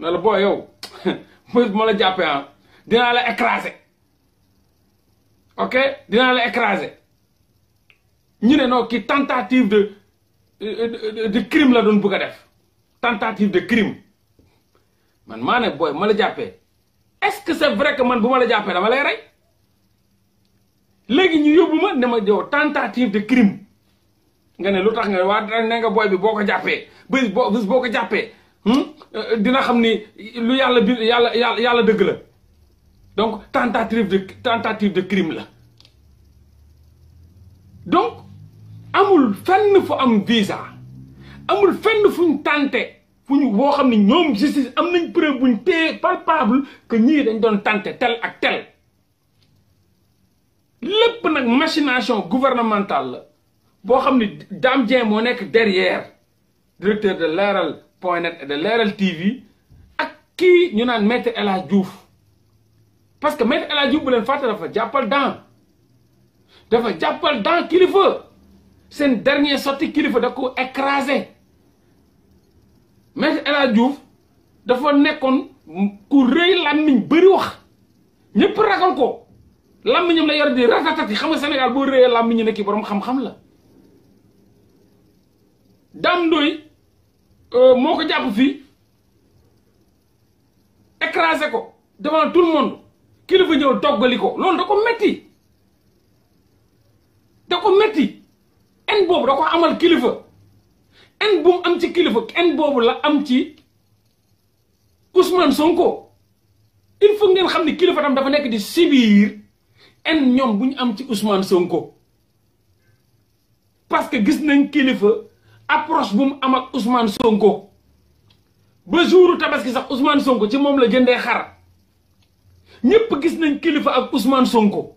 ne la boo yow bés bu ma la jàppee ah dinaa la écraser ok dinaa la écraser ñu ne non kii tentative de de crime la doon bëgg a def tentative de crime man maa ne booy ma la jàppee est-ce que c'est vrai que man bu ma la jàppee dama lay rey léegi ñu yóbbu ma ne ma yow tentative de crime nga ne lu tax nga waa ne nga booy bi boo ko jàppee bés boo boo ko jàppee Hmm? Euh, dina xam ni lu yàlla bi yàlla yàlla yàlla dëgg la donc tentative de tentative de crime la donc amul fenn fu am visa amul fenn fu ñu tante fu ñu boo xam ne ñoom justice am nañ bu buñ téye palpable que ñii dañ doon tante tel ak tel lépp nag machination gouvernementale la boo xam ne Dame Dieng moo nekk derrière directeur de Leral point net et de Leral TV ak kii ñu naan maître El Hadj Diouf parce que maître El Hadj Diouf bu leen fàtte dafa jàppal daan dafa jàppal daan kilifa seen dernier sotti kilifa da ko écrasé maître El Hadj dafa nekkoon ku rëy làmmiñ bëri wax ñëpp ragal ko làmmiñam la yor di ratatati xam nga Sénégal boo rëyee làmmiñu ne kii borom xam-xam la Dame Ndoye Euh, moo ko jàpp fii écrasé ko devant tout monde kilifa ñëw doggali ko loolu da ko metti da ko metti en boobu da ko amal kilifa en bu am ci kilifa en boobu la am ci Ousmane Sonko il faut ngeen xam ni kilifa tam dafa nekk di sibiir en ñoom bu am ci Ousmane Sonko parce que gis nañ kilifa. approche bu mu am ak Sonko ba jouru tabaski sax Ousmane Sonko ci moom la jëndee xar ñëpp gis nañ kilifa ak Ousmane Sonko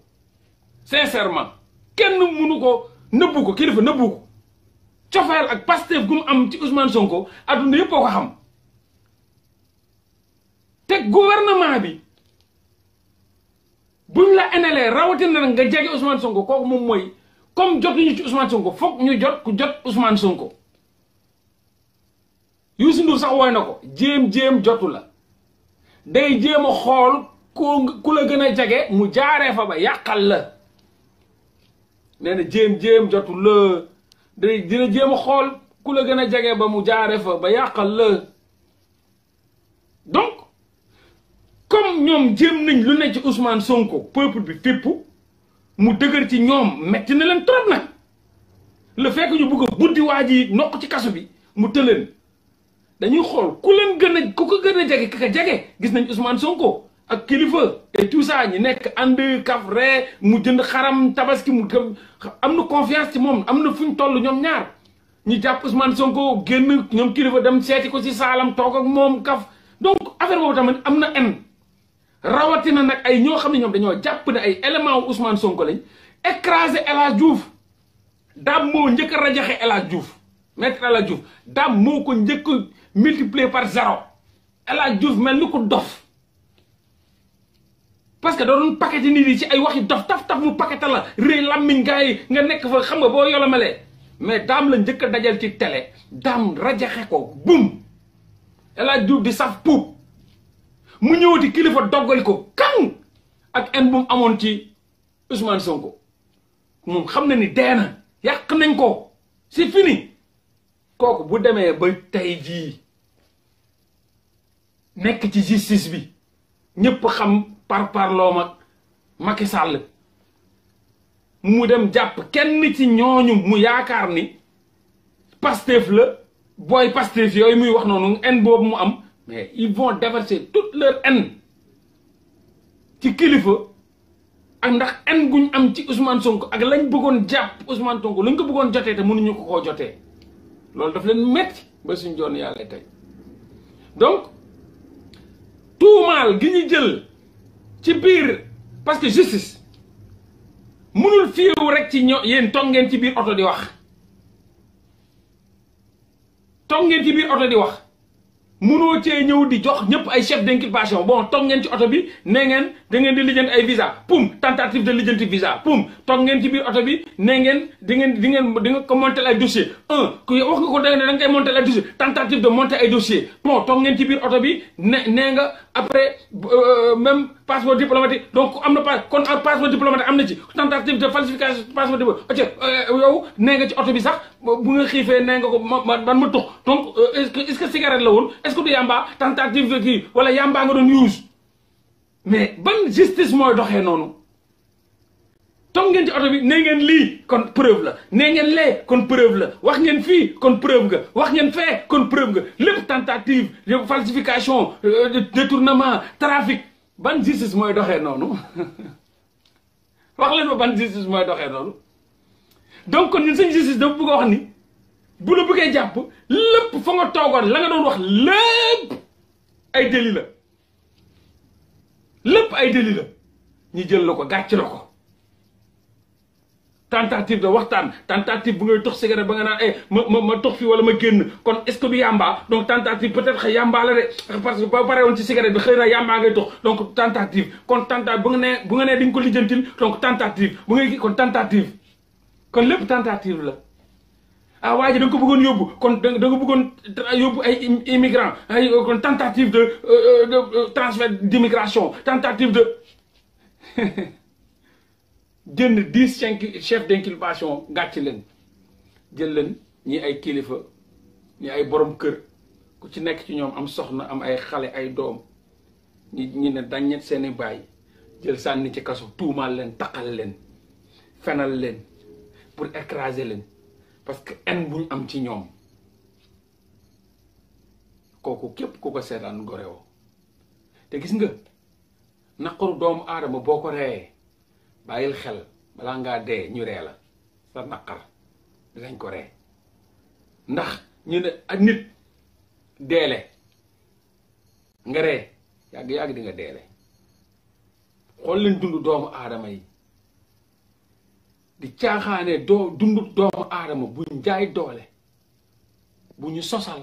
sincèrement kenn mënu ko nëbbu ko kilifa nëbbu ko ak Pastef gu mu am ci Ousmane Sonko adduna yëpp ko xam te gouvernement bi buñ la enelee rawatina na nga jege Ousmane Sonko kooku moom mooy comme jot jotuñu ci Ousmane Sonko foog ñu jot ku jot Ousmane Sonko. Youssou Ndour sax woy na ko jéem-jéem jotu la day jéem a xool ku ku la gën a jege mu jaaree fa ba yàqal la nee na jéem-jéem jotu la day dina a xool ku la gën a jege ba mu jaaree fa ba yàqal la donc comme ñoom jéem nañ lu ne ci Ousmane Sonko peuple bi fépp mu dëgër ci ñoom metti na leen trop nag le fekk ñu bëgg a buddi waa ji noq ci kaso bi mu tëleen dañuy xool ku leen gën a ku gën a jege ki ko jege gis nañ Ousmane Sonko ak kilifa et tout ça nekk ànd kaf ree mu jënd xaram tabaski mu am na confiance ci moom am na fu ñu toll ñoom ñaar ñu jàpp Ousmane Sonko génn ñoom kilifa dem seeti ko ci saalam toog ak moom kaf donc affaire boobu tamit am na en rawatina nag ay ñoo xam ne ñoom dañoo jàpp ne ay élément wu Ousmane Sonko lañ écrasé El Hadj Diouf daam moo njëkk a rajaxe El Hadj maître a Hadj Diouf daam moo ko njëkk a par zéro El Hadj Diouf mel ni ku dof parce que da doon paqueté nit ci ay waxi dof taf taf mu paqueté la rëy làmmiñ gaa yi nga nekk fa xam nga boo yolomalee mais daam la njëkk a dajal ci télé daam rajaxe ko bum El Hadj Diouf di saf puub mu ñëwati kilifa doggali ko kan ak en bu mu amoon ci Ousmane Sonko moom xam na ni dee na yàq nañ ko fini. kooku bu demee ba tey jii nekk ci justice bi ñëpp xam par parloom ak Macky Sall mu dem jàpp kenn ci ñooñu mu yaakaar ni Pastef la booy Pastef yooyu muy wax noonu haine boobu mu am mais ils vont déverser toute leur haine ci kilifa ak ndax haine guñ am ci Ousmane Sonko ak lañ buggoon jàpp Ousmane Sonko lañ ko bëggoon jotee te mënuñu ko koo jotee loolu daf leen metti ba suñ joon yàlla tey donc tuumaal gi ñu jël ci biir parce que justice mënul fiiwu rek ci ño yéen toog ngeen ci biir oto di wax toog ngeen ci biir oto di wax mënoo cee ñëw di jox ñëpp ay chef d'inculpation bon toog ngeen ci oto bi nee ngeen da ngeen di lijjanti ay visa pum tentative de lijjanti visa pum toog ngeen ci biir oto bi nee ngeen di ngeen di ngeen di nga ko monter ay dossier un ku wax nga ko da nga koy ay dossier tentative de monter ay dossier bon toog ngeen ci biir oto bi nee nga après euh, même passeport diplomatique donc am na pa kon passeport diplomatique am na ci tentative de falsification passeport diplomatique ok euh, yow nee nga ci oto bi sax bu nga xiifee nee nga ko ma man ma tux donc euh, est-ce que est que cigarette la woon est-ce que du yamba tentative de kii wala yamba nga doon use mais ban justice mooy doxee noonu. toog ngeen ci oto bi nee ngeen lii kon preuve la nee ngeen lee kon preuve la wax ngeen fii kon preuve nga wax ngeen fee kon preuve nga lépp tentative falsification euh, détournement trafic ban justice mooy doxee noonu wax leen ma ban justice mooy doxee noonu donc kon ñun seen justice dafa bëgg a wax ni bu la bëggee jàpp lépp fa nga toogoon la nga doon wax lépp ay délit la lépp ay délit la ñu jël la ko gàcc la ko tentative de waxtaan tentative bu ngay tox cigarette ba nga naan eh ma ma ma tox fii wala ma génn kon est du yamba donc tentative peut être xëy de pare woon ci cigarette bi xëy na yamba ngay tox donc tentative kon tentative bu nga nee bu nga nee di nga ko lijjantil donc tentative bu ngay kon tentative tentative la. ah waa ji da nga ko bëggoon yóbbu kon da nga bëggoon yóbbu ay immigrant ay kon tentative de euh, euh, de euh, transfert d'immigration tentative de. jënd dix cinq chef d'inculpation gàcc leen jël leen ñi ay kilifa ñi ay borom kër ku ci nekk ci ñoom am soxna am ay xale ay doom ñi ñi ne daññet seeni baay jël sànni ci kaso tuumaal leen taqal leen fenal leen pour écraser leen parce que en bu ñu am ci ñoom kooku képp ku ko seetaan gore woo te gis nga naqaru doomu aadama boo ko reyee bàyyil xel balaa ngaa dee ñu ree la sa naqar dinañ ko ree ndax ñu ne ak nit deele nga ree yàgg-yàgg di deele xool leen dund doomu aadama yi di caaxaane doo dund doomu aadama bu ñu jaay doole bu ñu sosal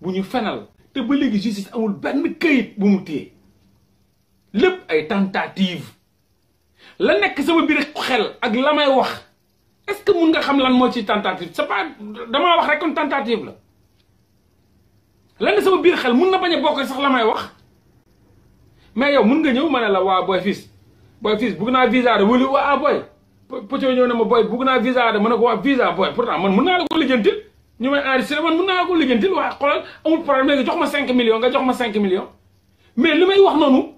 bu ñu fenal te ba léegi justice amul benn kayit bu mu téye lépp ay tentative la nekk sama biir xel ak la may wax est-ce que mun nga xam lan moo ci tentative c'est pas damaa wax rek kon tentative la lan sama biir xel mun na bañ a bokk sax la may wax mais yow mun nga ñëw ma ne la waa boy fils boy fils bugg naa visa de wala waa boy poteau ñëw ne ma boy bugg naa ne mun naa la ko lijjantil ñu may enregistré man mun naa la ko lijjantil waaye xoolal amul problème nga jox ma cinq million nga jox ma 5 millions mais li may wax noonu.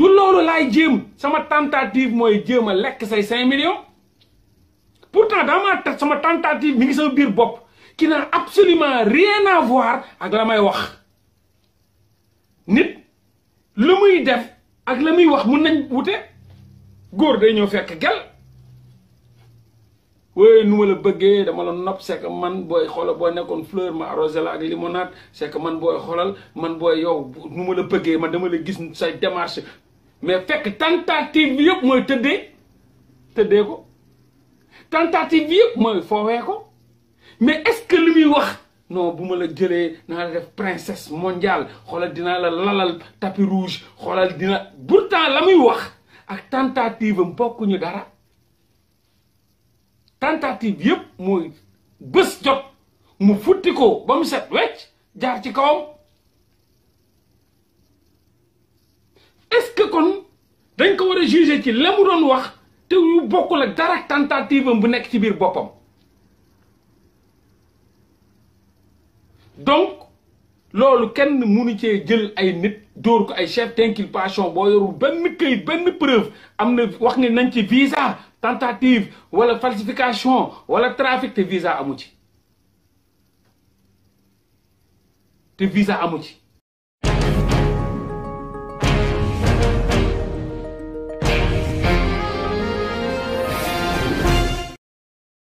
du loolu laay jéem sama tentative mooy jéem a lekk say 5 millions pourtant dans ma sama tentative mi ngi sama biir bopp qui n'a absolument rien à voir ak la may wax nit lu muy def ak la muy wax mun nañ wute góor day ñëw fekk gel wéy nu ma la bëggee dama la nopp c'est man booy xoolal boo nekkoon fleur ma arrosé la ak limonade c'est man booy xoolal man booy yow nu ma la bëggee ma dama la gis say démarche mais fekk tentative bi yëpp mooy tëddee tëddee ko tentative bi yëpp mooy foowee ko mais est-ce que li muy wax non bu ma la jëlee naa la def princesse mondiale xoolal dinaa la lalal tapis rouge xoolal dina pourtant la muy wax ak tentative am bokkuñu dara tentative yëpp mooy bës jot mu futti ko ba mu set wecc jaar ci kawam est-ce que kon dañ ko war a juger ci la mu doon wax te yu bokkul ak dara tentative bu nekk ci biir boppam donc loolu kenn mënu cee jël ay nit dóor ay chef d'inculpation boo yorul benn këyit benn preuve am na wax ni nañ ci visa tentative wala falsification wala trafic te visa amu ci te visa amu ci